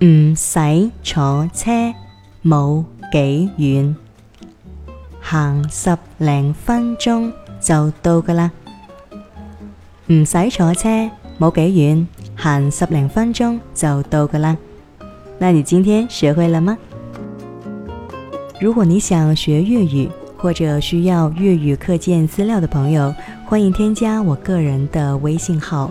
唔使坐車，冇幾遠，行十零分鐘就到㗎喇。唔使坐車，冇幾遠，行十零分鐘就到㗎喇。那你今天學會了嗎？如果你想學粵語或者需要粵語課件資料的朋友，歡迎添加我個人的微信號。